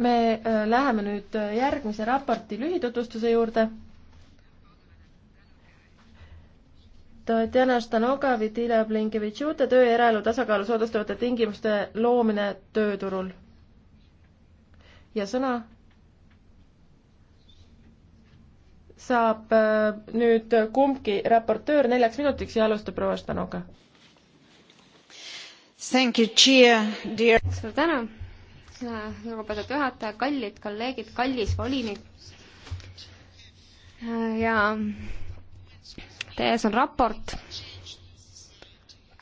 me äh, läheme nüüd äh, järgmise raporti lühitutvustuse juurde. Tatjana Štanoga, Vitile Blinkevitšute töö ja eraelu tasakaalu soodustavate tingimuste loomine tööturul. ja sõna saab äh, nüüd kumbki raportöör neljaks minutiks ja alustab proua Stanoga. suur tänu Äh, lugupeetud juhataja, kallid kolleegid, kallis volinik. Äh, ja teie ees on raport,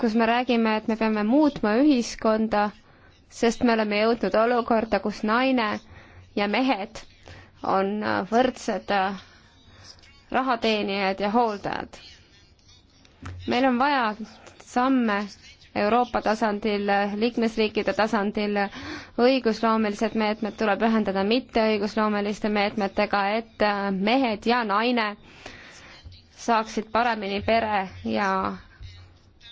kus me räägime, et me peame muutma ühiskonda, sest me oleme jõudnud olukorda, kus naine ja mehed on äh, võrdsed rahateenijad ja hooldajad. meil on vaja samme Euroopa tasandil, liikmesriikide tasandil. õigusloomelised meetmed tuleb ühendada mitteõigusloomeliste meetmetega, et äh, mehed ja naine saaksid paremini pere ja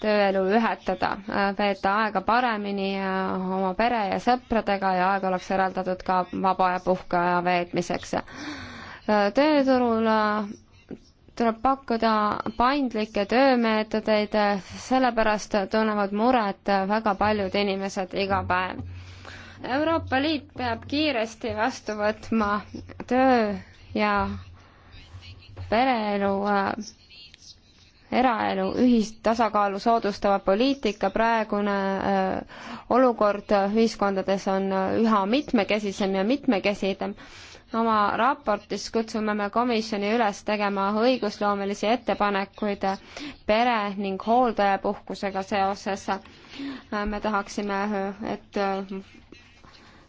tööelu ühetada, äh, veeta aega paremini äh, oma pere ja sõpradega ja aega oleks eraldatud ka vaba ja puhkeaja veetmiseks. tööturul tuleb pakkuda paindlikke töömeetodeid, sellepärast tunnevad muret väga paljud inimesed iga päev. Euroopa Liit peab kiiresti vastu võtma töö ja pereelu eraelu ühistasakaalu soodustava poliitika praegune äh, olukord ühiskondades on äh, üha mitmekesisem ja mitmekesisem. oma raportis kutsume me komisjoni üles tegema õigusloomelisi ettepanekuid pere ning hooldajapuhkusega seoses. Äh, me tahaksime, et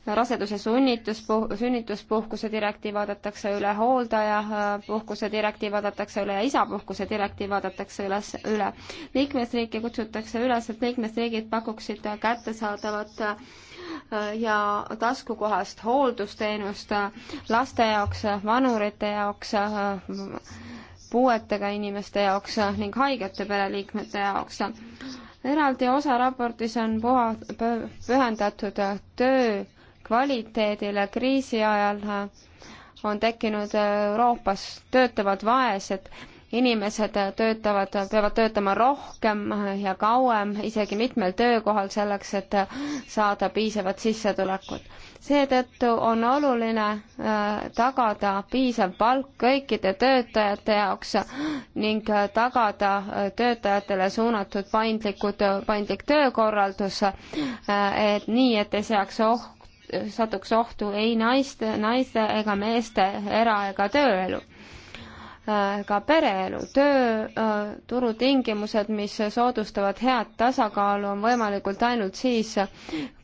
raseduse sunnitus, sünnituspuhkuse direktiiv vaadatakse üle, hooldajapuhkuse äh, direktiiv vaadatakse üle ja isapuhkuse direktiiv vaadatakse üles, üle. liikmesriike kutsutakse üles, et liikmesriigid pakuksid kättesaadavat äh, ja taskukohast hooldusteenust äh, laste jaoks, vanurite jaoks, puuetega inimeste jaoks ning haigete pereliikmete jaoks eraldi osa raportis on puha, pühendatud töö kvaliteedile kriisi ajal äh, on tekkinud äh, Euroopas töötavad vaesed, inimesed äh, töötavad, peavad töötama rohkem ja kauem, isegi mitmel töökohal, selleks et saada piisavat sissetulekut. seetõttu on oluline tagada piisav palk kõikide töötajate jaoks ning tagada töötajatele suunatud paindlikud, paindlik töökorraldus, et nii, et ei seaks ohku satuks ohtu ei naiste, naiste ega meeste era- ega tööelu ka pereelu, töö, turutingimused, mis soodustavad head tasakaalu, on võimalikult ainult siis,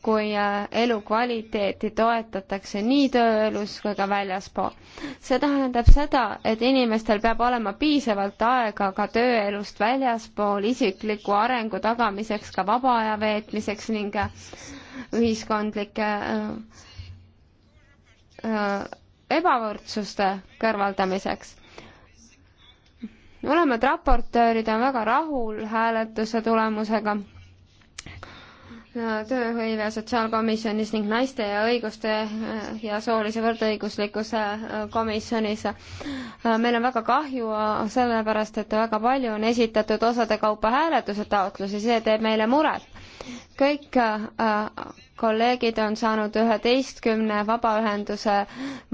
kui eh, elukvaliteeti toetatakse nii tööelus kui ka väljaspool. see tähendab seda, et inimestel peab olema piisavalt aega ka tööelust väljaspool isikliku arengu tagamiseks, ka vaba aja veetmiseks ning eh, ühiskondlike äh, äh, ebavõrdsuste kõrvaldamiseks. mõlemad raportöörid on väga rahul hääletuse tulemusega tööhõive sotsiaalkomisjonis ning naiste ja õiguste äh, ja soolise võrdõiguslikkuse komisjonis. meil on väga kahju sellepärast, et väga palju on esitatud osade kaupa hääletuse taotlusi, see teeb meile muret kõik äh, kolleegid on saanud üheteistkümne vabaühenduse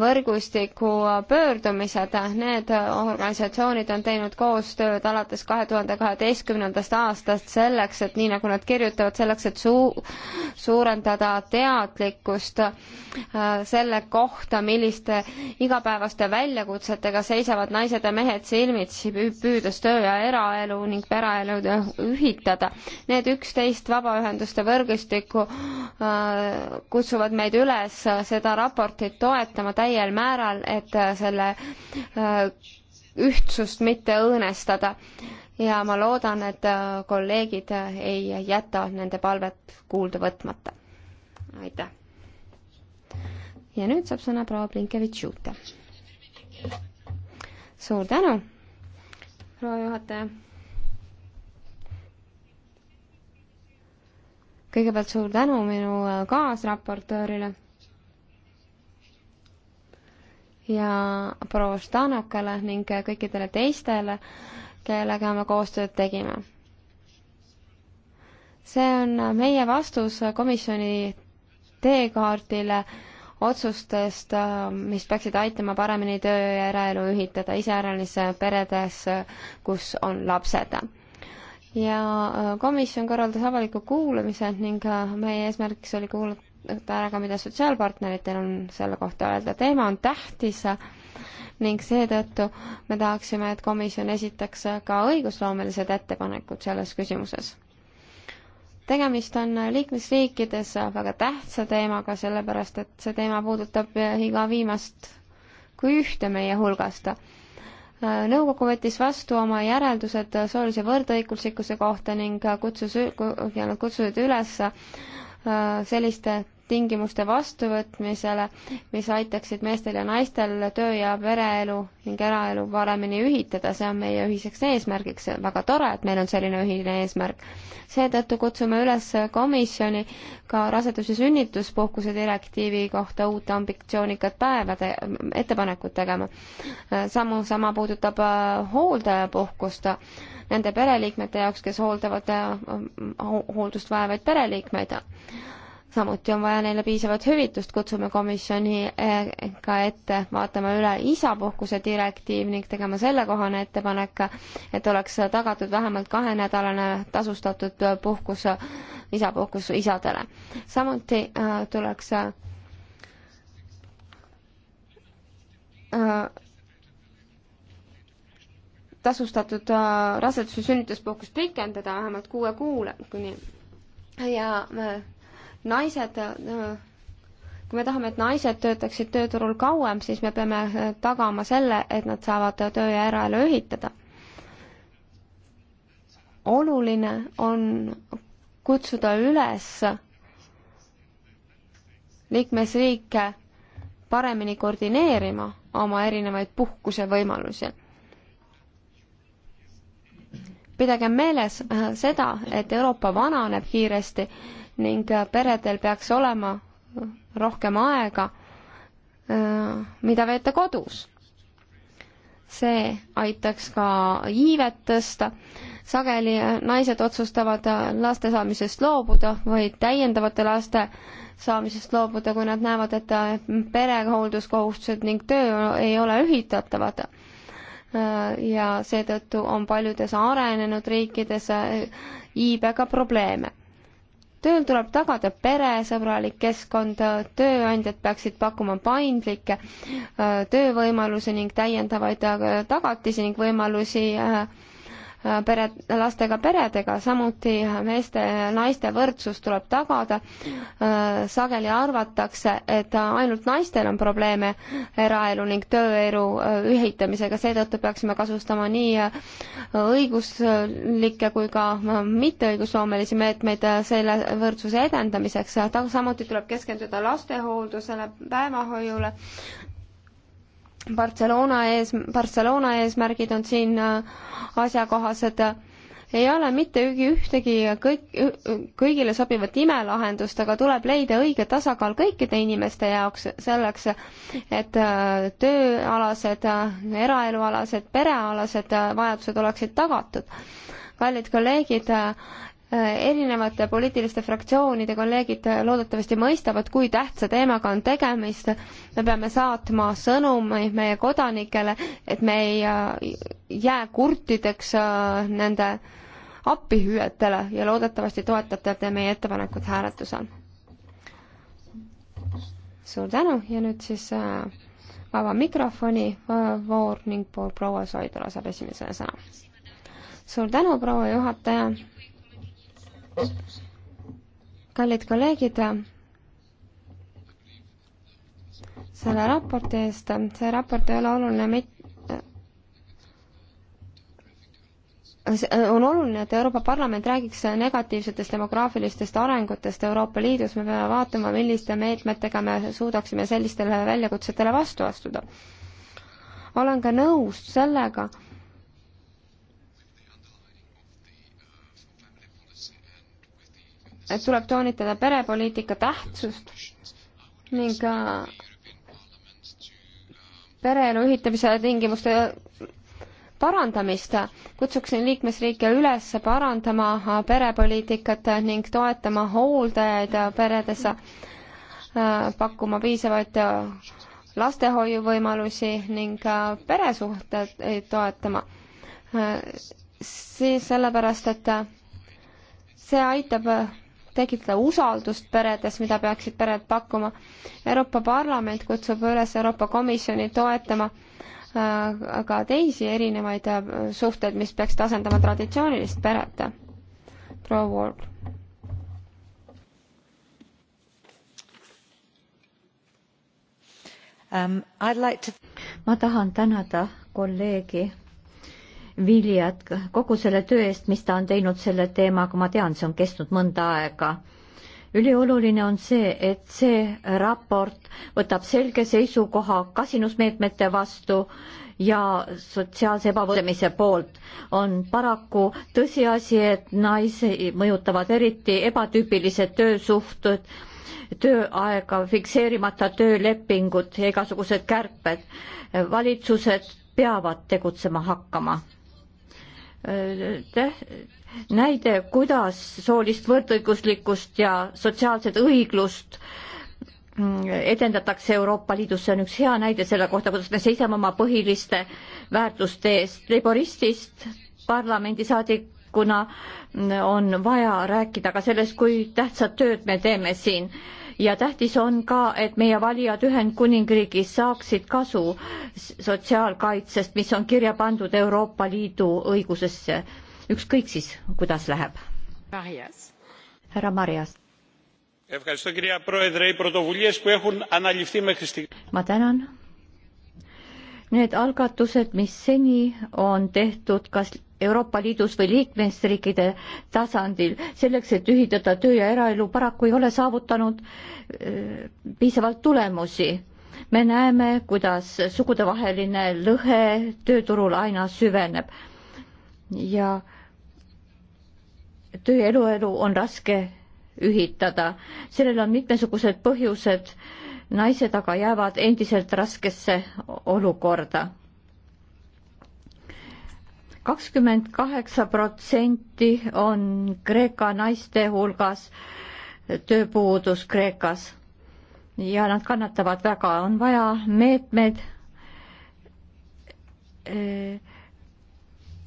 võrgustiku pöördumised. Need organisatsioonid on teinud koostööd alates kahe tuhande kaheteistkümnendast aastast selleks, et nii nagu nad kirjutavad, selleks, et suu-, suurendada teadlikkust äh, selle kohta, milliste igapäevaste väljakutsetega seisavad naised ja mehed silmitsi, püüdes töö ja eraelu ning pereelu ühitada. Need üksteist vabaühendust vabaühenduste võrgustikku äh, kutsuvad meid üles seda raportit toetama täiel määral, et selle äh, ühtsust mitte õõnestada. ja ma loodan, et äh, kolleegid ei jäta nende palvet kuulda võtmata. aitäh! ja nüüd saab sõna proua Blinkevitš-Juuta. suur tänu, proua juhataja! kõigepealt suur tänu minu äh, kaasraportöörile ja proua Štanokale ning äh, kõikidele teistele, kellega me koostööd tegime. see on äh, meie vastus komisjoni teekaardile otsustest, mis peaksid aitama paremini töö ja eraelu ühitada, iseäranis peredes, kus on lapsed ja äh, komisjon korraldas avaliku kuulamise ning äh, meie eesmärgiks oli kuulata ära ka, mida sotsiaalpartneritel on selle kohta öelda. teema on tähtis äh, ning seetõttu me tahaksime, et komisjon esitaks ka õigusloomelised ettepanekud selles küsimuses. tegemist on liikmesriikides väga tähtsa teemaga, sellepärast et see teema puudutab iga viimast kui ühte meie hulgast nõukogu võttis vastu oma järeldused soolise võrdõiguslikkuse kohta ning kutsus, ja nad kutsusid üles äh, selliste tingimuste vastuvõtmisele, mis aitaksid meestel ja naistel töö- ja pereelu ning eraelu paremini ühitada, see on meie ühiseks eesmärgiks, väga tore, et meil on selline ühine eesmärk. seetõttu kutsume üles komisjoni ka rasedus- ja sünnituspuhkuse direktiivi kohta uut ambitsioonikat päeva te-, ettepanekut tegema. samu, sama puudutab äh, hooldajapuhkust nende pereliikmete jaoks, kes hooldavad äh, ho hooldust vajavaid pereliikmeid samuti on vaja neile piisavat hüvitust, kutsume komisjoni eh, ka ette vaatama üle isapuhkuse direktiiv ning tegema sellekohane ettepanek, et oleks tagatud vähemalt kahenädalane tasustatud puhkus, isapuhkus isadele. samuti eh, tuleks eh, tasustatud rasedus- ja sünnituspuhkust pikendada vähemalt kuue kuule, kuni ja me naised, äh, kui me tahame, et naised töötaksid tööturul kauem, siis me peame äh, tagama selle, et nad saavad töö ja eraelu ühitada. oluline on kutsuda üles liikmesriike paremini koordineerima oma erinevaid puhkusevõimalusi. pidagem meeles äh, seda, et Euroopa vananeb kiiresti ning äh, peredel peaks olema rohkem aega, äh, mida veeta kodus. see aitaks ka iivet tõsta, sageli äh, naised otsustavad laste saamisest loobuda või täiendavate laste saamisest loobuda, kui nad näevad, et perehoolduskohustused ning töö ei ole ühitatavad. ja seetõttu on paljudes arenenud riikides iibega probleeme tööl tuleb tagada peresõbralik keskkond, tööandjad peaksid pakkuma paindlikke äh, töövõimalusi ning täiendavaid äh, tagatisi ning võimalusi äh, Äh, pere, lastega peredega, samuti meeste ja naiste võrdsus tuleb tagada. Äh, sageli arvatakse, et ainult naistel on probleeme eraelu ning tööelu äh, ühitamisega, seetõttu peaksime kasutama nii õiguslikke kui ka mitteõigusloomelisi meetmeid selle võrdsuse edendamiseks. samuti tuleb keskenduda lastehooldusele, päevahoiule Barcelona ees, Barcelona eesmärgid on siin äh, asjakohased. ei ole mitte ühtegi kõik, kõigile sobivat imelahendust, aga tuleb leida õige tasakaal kõikide inimeste jaoks selleks, et äh, tööalased, äh, eraelualased, perealased vajadused oleksid tagatud. kallid kolleegid, Äh, erinevate poliitiliste fraktsioonide kolleegid äh, loodetavasti mõistavad, kui tähtsa teemaga on tegemist. me peame saatma sõnumi meie kodanikele, et me ei äh, jää kurtideks nende appihüüetele ja loodetavasti toetate te meie ettepanekut hääletusel. suur tänu ja nüüd siis vaba mikrofoni voor ning proua Soidula saab esimesena sõna. suur tänu, proua juhataja kallid kolleegid, selle raporti eest, see raport ei ole oluline mitte, on oluline, et Euroopa Parlament räägiks negatiivsetest demograafilistest arengutest Euroopa Liidus, me peame vaatama, milliste meetmetega me suudaksime sellistele väljakutsetele vastu astuda. olen ka nõus sellega, et tuleb toonitada perepoliitika tähtsust ning pereelu ühitamise tingimuste parandamist. kutsuksin liikmesriike üles parandama perepoliitikat ning toetama hooldajaid peredes, äh, pakkuma piisavaid äh, lastehoiuvõimalusi ning äh, peresuhteid toetama. siis sellepärast, et see aitab tekitada usaldust peredes, mida peaksid pered pakkuma. Euroopa Parlament kutsub üles Euroopa Komisjoni toetama äh, ka teisi erinevaid äh, suhteid, mis peaksid asendama traditsioonilist peret. proua Ward. Um, I'd like to... ma tahan tänada kolleegi viljad kogu selle töö eest, mis ta on teinud selle teemaga, ma tean, see on kestnud mõnda aega. ülioluline on see, et see raport võtab selge seisukoha kasinusmeetmete vastu ja sotsiaalse ebavõrdlemise poolt on paraku tõsiasi, et naisi mõjutavad eriti ebatüüpilised töösuhted, tööaega, fikseerimata töölepingud ja igasugused kärped. valitsused peavad tegutsema hakkama näide, kuidas soolist võrdõiguslikkust ja sotsiaalset õiglust edendatakse Euroopa Liidus, see on üks hea näide selle kohta, kuidas me seisame oma põhiliste väärtuste eest. laboristist parlamendisaadikuna on vaja rääkida ka sellest, kui tähtsat tööd me teeme siin ja tähtis on ka, et meie valijad Ühendkuningriigis saaksid kasu sotsiaalkaitsest, mis on kirja pandud Euroopa Liidu õigusesse, ükskõik siis, kuidas läheb. härra Marias. ma tänan Need algatused, mis seni on tehtud, kas Euroopa Liidus või liikmesriikide tasandil selleks, et ühitada töö ja eraelu, paraku ei ole saavutanud eh, piisavalt tulemusi. me näeme, kuidas sugudevaheline lõhe tööturul aina süveneb ja töö ja eluelu on raske ühitada. sellel on mitmesugused põhjused naised aga jäävad endiselt raskesse olukorda. kakskümmend kaheksa protsenti on Kreeka naiste hulgas tööpuudus Kreekas ja nad kannatavad väga, on vaja meetmed, eh,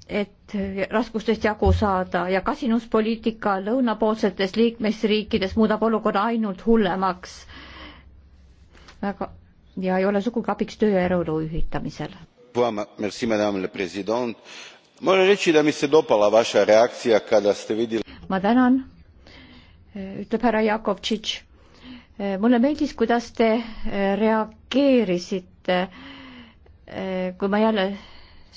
et raskustest jagu saada ja kasinuspoliitika lõunapoolsetes liikmesriikides muudab olukorra ainult hullemaks väga ja ei ole sugugi abiks töö ja eraelu ühitamisel. ma tänan, ütleb härra Jakovtšitš. mulle meeldis, kuidas te reageerisite, kui ma jälle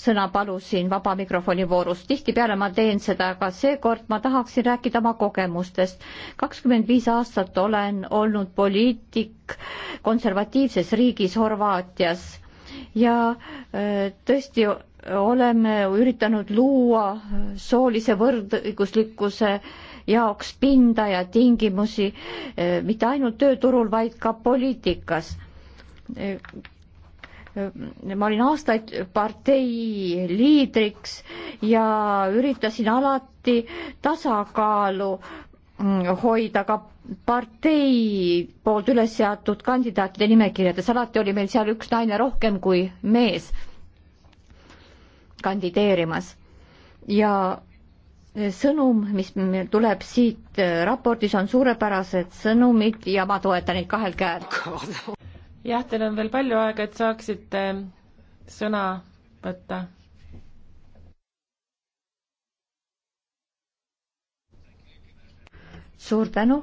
sõna palusin vaba mikrofoni voorus. tihtipeale ma teen seda, aga seekord ma tahaksin rääkida oma kogemustest. kakskümmend viis aastat olen olnud poliitik konservatiivses riigis Horvaatias ja äh, tõesti oleme üritanud luua soolise võrdõiguslikkuse jaoks pinda ja tingimusi äh, mitte ainult tööturul, vaid ka poliitikas Äh, ma olin aastaid partei liidriks ja üritasin alati tasakaalu mm, hoida ka partei poolt üles seatud kandidaatide nimekirjades, alati oli meil seal üks naine rohkem kui mees kandideerimas. ja sõnum, mis meil tuleb siit äh, raportis, on suurepärased sõnumid ja ma toetan neid kahel käel jah, teil on veel palju aega, et saaksite sõna võtta. suur tänu.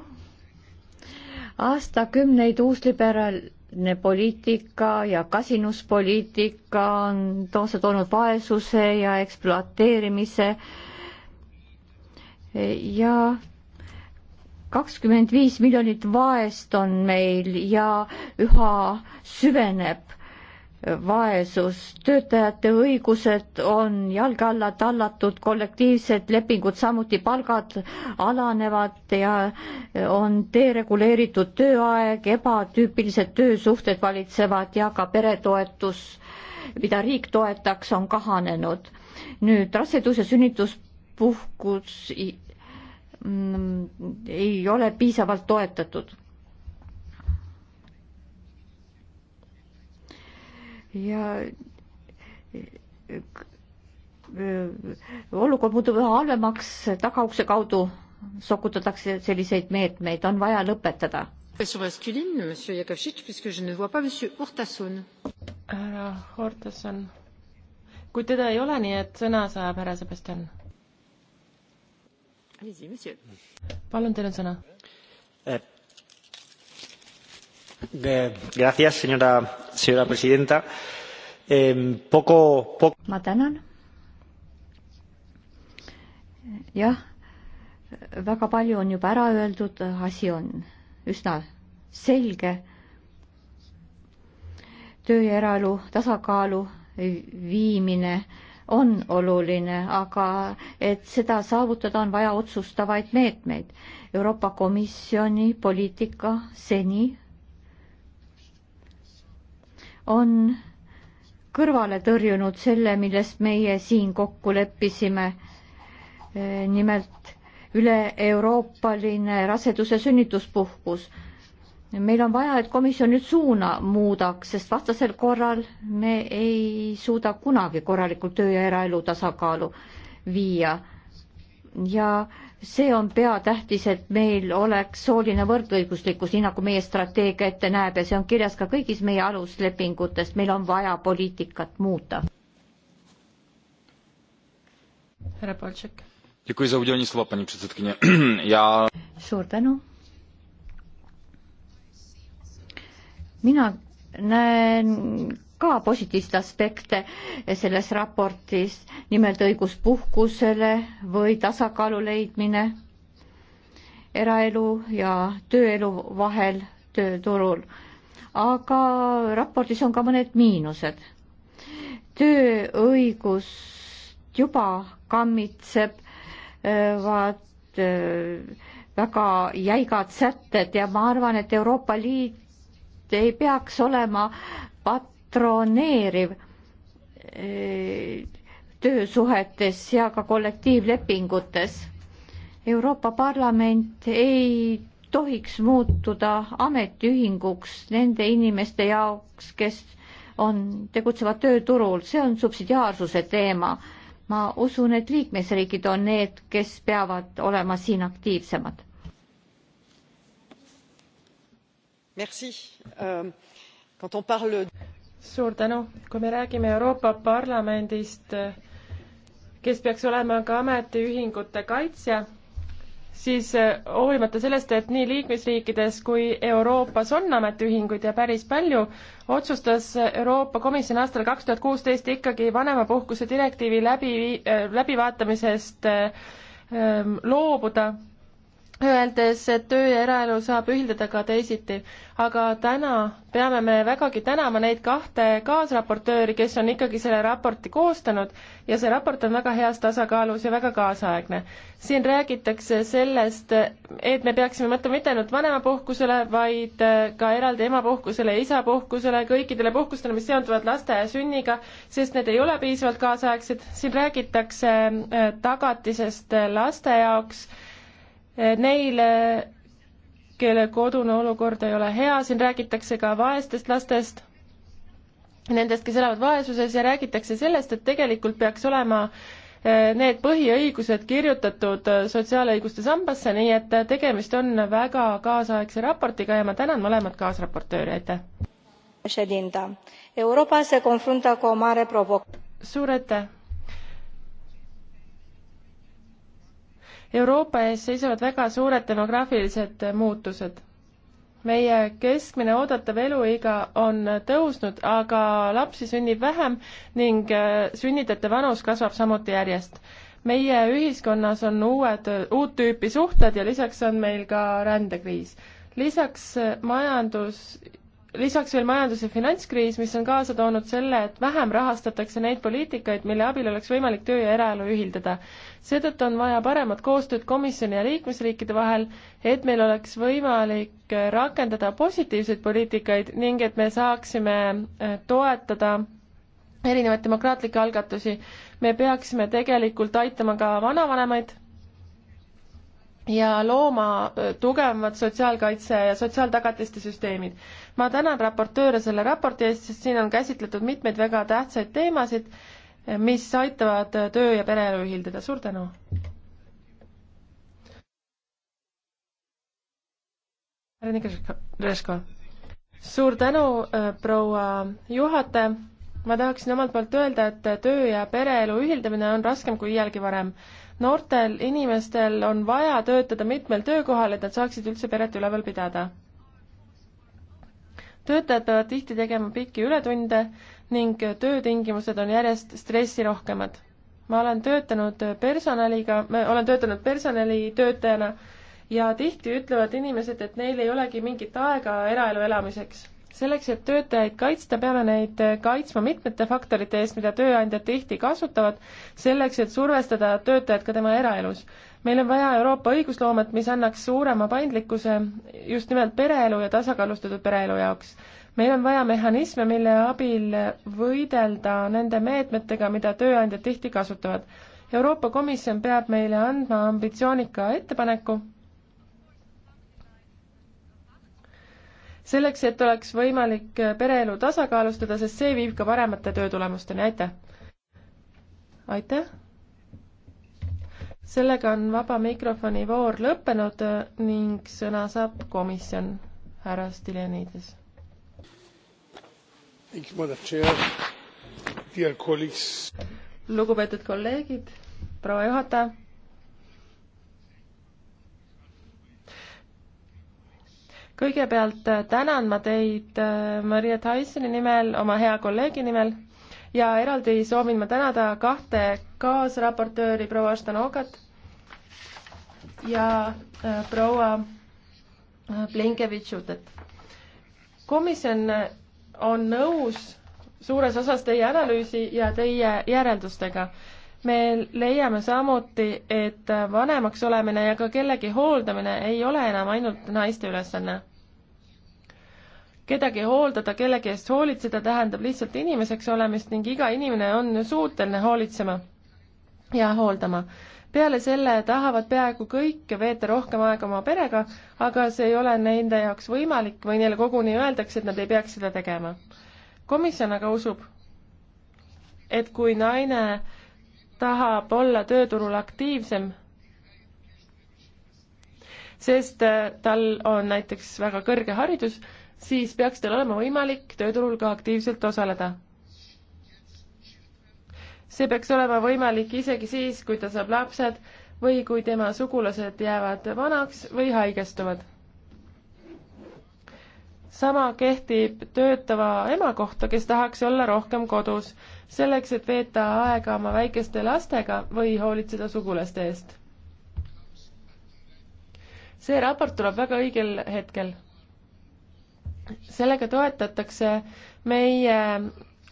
aastakümneid uusliberaalne poliitika ja kasinuspoliitika on toonud toonud vaesuse ja ekspluateerimise ja kakskümmend viis miljonit vaest on meil ja üha süveneb vaesus, töötajate õigused on jalge alla tallatud, kollektiivsed lepingud, samuti palgad alanevad ja on dereguleeritud tööaeg, ebatüüpilised töösuhted valitsevad ja ka peretoetus, mida riik toetaks, on kahanenud. nüüd rasedus- ja sünnituspuhkus Mm, ei ole piisavalt toetatud. ja äh, olukord muutub üha halvemaks, tagaukse kaudu sokutatakse selliseid meetmeid, on vaja lõpetada. härra Hortason, kui teda ei ole, nii et sõna saab härra Sebastian palun, teil on sõna. Eh, eh, gracias, señora, señora presidenta. Poco, poco. ma tänan. jah, väga palju on juba ära öeldud, asi on üsna selge. töö ja eraelu tasakaalu viimine on oluline, aga et seda saavutada, on vaja otsustavaid meetmeid. Euroopa Komisjoni poliitika seni on kõrvale tõrjunud selle, milles meie siin kokku leppisime. nimelt üle-euroopaline raseduse sünnituspuhkus meil on vaja, et komisjon nüüd suuna muudaks, sest vastasel korral me ei suuda kunagi korralikult töö ja eraelu tasakaalu viia. ja see on peatähtis, et meil oleks sooline võrdõiguslikkus, nii nagu meie strateegia ette näeb ja see on kirjas ka kõigis meie aluslepingutes, meil on vaja poliitikat muuta. härra Poltšek. suur tänu mina näen ka positiivseid aspekte selles raportis, nimelt õigus puhkusele või tasakaalu leidmine eraelu ja tööelu vahel tööturul. aga raportis on ka mõned miinused. tööõigust juba kammitsevad äh, äh, väga jäigad sätted ja ma arvan, et Euroopa Liit ei peaks olema patroneeriv eh, töösuhetes ja ka kollektiivlepingutes. Euroopa Parlament ei tohiks muutuda ametiühinguks nende inimeste jaoks, kes on, tegutsevad tööturul, see on subsidiaarsuse teema. ma usun, et liikmesriigid on need, kes peavad olema siin aktiivsemad. Euh, suur tänu kui me räägime euroopa parlamendist kes peaks olema ka ametiühingute kaitsja siis äh, hoolimata sellest, et nii liikmesriikides kui Euroopas on ametiühinguid ja päris palju, otsustas Euroopa Komisjon aastal kaks tuhat kuusteist ikkagi vanemapuhkuse direktiivi läbi, äh, läbivaatamisest äh, ähm, loobuda öeldes, et töö ja eraelu saab ühildada ka teisiti. aga täna peame me vägagi tänama neid kahte kaasraportööri, kes on ikkagi selle raporti koostanud ja see raport on väga heas tasakaalus ja väga kaasaegne. siin räägitakse sellest, et me peaksime mõtlema mitte ainult vanemapuhkusele, vaid ka eraldi emapuhkusele ja isapuhkusele, kõikidele puhkustele, mis seonduvad laste ja sünniga, sest need ei ole piisavalt kaasaegsed. siin räägitakse äh, tagatisest laste jaoks neile, kelle kodune olukord ei ole hea, siin räägitakse ka vaestest lastest, nendest, kes elavad vaesuses ja räägitakse sellest, et tegelikult peaks olema eh, need põhiõigused kirjutatud eh, sotsiaalõiguste sambasse, nii et eh, tegemist on väga kaasaegse raportiga ja ma tänan mõlemat kaasraportööri, aitäh! suur aitäh! Euroopa ees seisavad väga suured demograafilised muutused. meie keskmine oodatav eluiga on tõusnud, aga lapsi sünnib vähem ning äh, sünnitajate vanus kasvab samuti järjest. meie ühiskonnas on uued, uut tüüpi suhted ja lisaks on meil ka rändekriis. lisaks äh, majandus lisaks veel majandus- ja finantskriis, mis on kaasa toonud selle, et vähem rahastatakse neid poliitikaid, mille abil oleks võimalik töö ja eraelu ühildada seetõttu on vaja paremat koostööd komisjoni ja liikmesriikide vahel, et meil oleks võimalik äh, rakendada positiivseid poliitikaid ning et me saaksime äh, toetada erinevaid demokraatlikke algatusi. me peaksime tegelikult aitama ka vanavanemaid ja looma äh, tugevamad sotsiaalkaitse ja sotsiaaltagatiste süsteemid. ma tänan raportööre selle raporti eest, sest siin on käsitletud mitmeid väga tähtsaid teemasid mis aitavad töö ja pereelu ühildada. suur tänu! suur tänu, äh, proua juhataja! ma tahaksin omalt poolt öelda, et töö ja pereelu ühildamine on raskem kui iialgi varem. noortel inimestel on vaja töötada mitmel töökohal, et nad saaksid üldse peret üleval pidada töötajad peavad tihti tegema pikki ületunde ning töötingimused on järjest stressirohkemad. ma olen töötanud personaliga, olen töötanud personalitöötajana ja tihti ütlevad inimesed, et neil ei olegi mingit aega eraelu elamiseks selleks, et töötajaid kaitsta, peame neid eh, kaitsma mitmete faktorite eest, mida tööandjad tihti kasutavad, selleks, et survestada töötajat ka tema eraelus. meil on vaja Euroopa õigusloomet, mis annaks suurema paindlikkuse just nimelt pereelu ja tasakaalustatud pereelu jaoks. meil on vaja mehhanisme, mille abil võidelda nende meetmetega, mida tööandjad tihti kasutavad. Euroopa Komisjon peab meile andma ambitsioonika ettepaneku selleks, et oleks võimalik äh, pereelu tasakaalustada, sest see viib ka paremate töötulemusteni, aitäh! aitäh! sellega on vaba mikrofoni voor lõppenud äh, ning sõna saab komisjon, härra Stiljanides. lugupeetud kolleegid, proua juhataja kõigepealt äh, tänan ma teid äh, Maria Tysoni nimel, oma hea kolleegi nimel ja eraldi soovin ma tänada kahte kaasraportööri, proua Stanogat ja äh, proua Blinkevitšutet. komisjon on nõus suures osas teie analüüsi ja teie järeldustega me leiame samuti, et vanemaks olemine ja ka kellegi hooldamine ei ole enam ainult naiste ülesanne. kedagi hooldada, kellegi eest hoolitseda tähendab lihtsalt inimeseks olemist ning iga inimene on suuteline hoolitsema ja hooldama. peale selle tahavad peaaegu kõik veeta rohkem aega oma perega, aga see ei ole nende jaoks võimalik või neile koguni öeldakse, et nad ei peaks seda tegema. komisjon aga usub, et kui naine tahab olla tööturul aktiivsem, sest äh, tal on näiteks väga kõrge haridus, siis peaks tal olema võimalik tööturul ka aktiivselt osaleda. see peaks olema võimalik isegi siis, kui ta saab lapsed või kui tema sugulased jäävad vanaks või haigestuvad sama kehtib töötava ema kohta, kes tahaks olla rohkem kodus, selleks et veeta aega oma väikeste lastega või hoolitseda sugulaste eest. see raport tuleb väga õigel hetkel. sellega toetatakse meie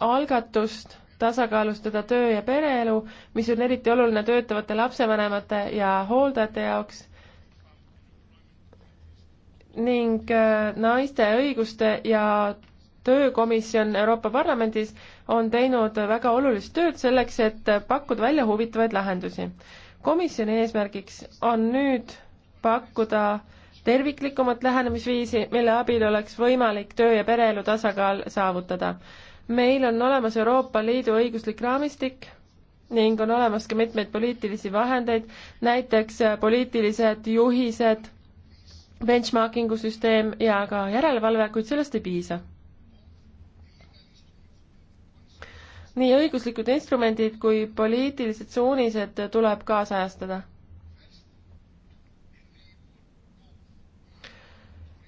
algatust tasakaalustada töö ja pereelu, mis on eriti oluline töötavate lapsevanemate ja hooldajate jaoks ning äh, naiste õiguste ja töökomisjon Euroopa Parlamendis on teinud väga olulist tööd selleks, et pakkuda välja huvitavaid lahendusi. komisjoni eesmärgiks on nüüd pakkuda terviklikumat lähenemisviisi, mille abil oleks võimalik töö- ja pereelu tasakaal saavutada. meil on olemas Euroopa Liidu õiguslik raamistik ning on olemas ka mitmeid poliitilisi vahendeid, näiteks poliitilised juhised benchmarkingu süsteem ja ka järelevalve, kuid sellest ei piisa. nii õiguslikud instrumendid kui poliitilised suunised tuleb kaasajastada.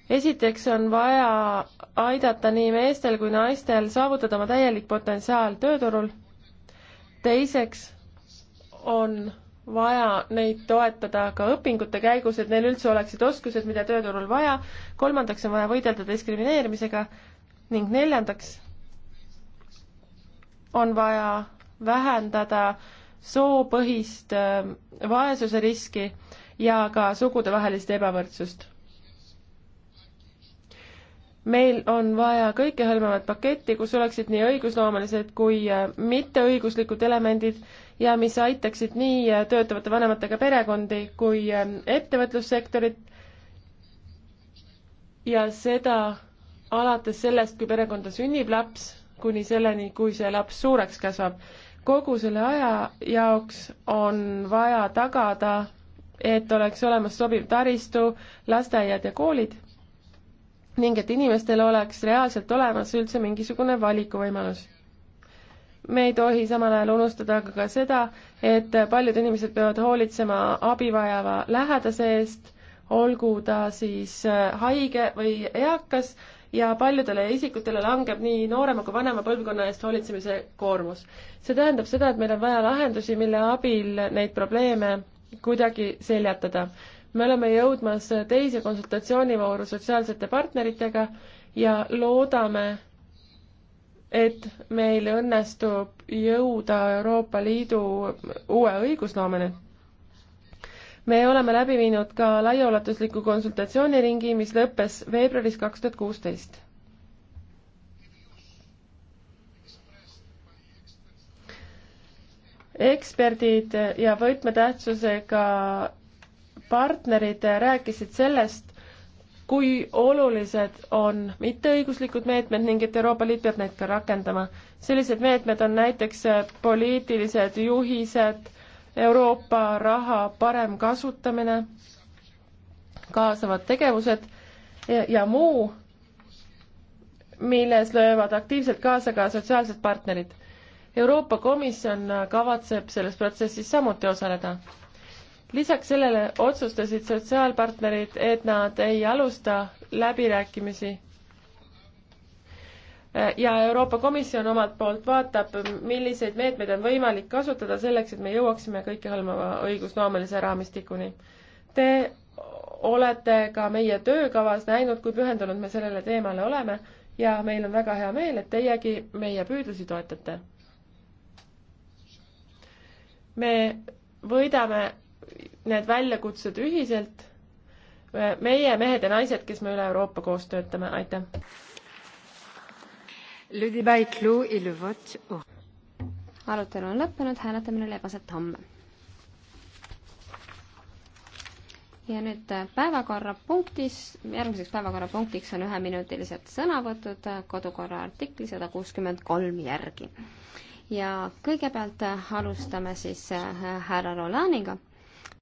esiteks on vaja aidata nii meestel kui naistel saavutada oma täielik potentsiaal tööturul. teiseks on vaja neid toetada ka õpingute käigus, et neil üldse oleksid oskused, mida tööturul vaja, kolmandaks on vaja võidelda diskrimineerimisega ning neljandaks on vaja vähendada soopõhist äh, vaesuse riski ja ka sugudevahelist ebavõrdsust. meil on vaja kõikehõlmavat paketti, kus oleksid nii õigusloomelised kui äh, mitteõiguslikud elemendid ja mis aitaksid nii äh, töötavate vanematega perekondi kui ähm, ettevõtlussektorit ja seda alates sellest, kui perekonda sünnib laps, kuni selleni, kui see laps suureks kasvab. kogu selle aja jaoks on vaja tagada, et oleks olemas sobiv taristu, lasteaiad ja koolid ning et inimestel oleks reaalselt olemas üldse mingisugune valikuvõimalus me ei tohi samal ajal unustada aga ka seda, et paljud inimesed peavad hoolitsema abi vajava lähedase eest, olgu ta siis äh, haige või eakas, ja paljudele isikutele langeb nii noorema kui vanema põlvkonna eest hoolitsemise koormus. see tähendab seda, et meil on vaja lahendusi, mille abil neid probleeme kuidagi seljatada. me oleme jõudmas teise konsultatsioonivooru sotsiaalsete partneritega ja loodame, et meil õnnestub jõuda Euroopa Liidu uue õigusloomeni. me oleme läbi viinud ka laiaulatusliku konsultatsiooniringi, mis lõppes veebruaris kaks tuhat kuusteist. eksperdid ja võtmetähtsusega partnerid rääkisid sellest, kui olulised on mitteõiguslikud meetmed ning et Euroopa Liit peab neid ka rakendama. sellised meetmed on näiteks äh, poliitilised juhised, Euroopa raha parem kasutamine, kaasavad tegevused ja, ja muu, milles löövad aktiivselt kaasa ka sotsiaalsed partnerid. Euroopa Komisjon äh, kavatseb selles protsessis samuti osaleda lisaks sellele otsustasid sotsiaalpartnerid, et nad ei alusta läbirääkimisi. ja Euroopa Komisjon omalt poolt vaatab, milliseid meetmeid on võimalik kasutada selleks, et me jõuaksime kõikehõlmava õigusloomelise raamistikuni. Te olete ka meie töökavas näinud, kui pühendunud me sellele teemale oleme ja meil on väga hea meel, et teiegi meie püüdlusi toetate. me võidame need väljakutsed ühiselt, meie mehed ja naised, kes me üle Euroopa koos töötame, aitäh! arutelu on lõppenud, hääletamine leiab aset homme. ja nüüd äh, päevakorrapunktis, järgmiseks päevakorrapunktiks on üheminutilised sõnavõtud äh, kodukorra artikli sada kuuskümmend kolm järgi. ja kõigepealt äh, alustame siis härra Rolaniga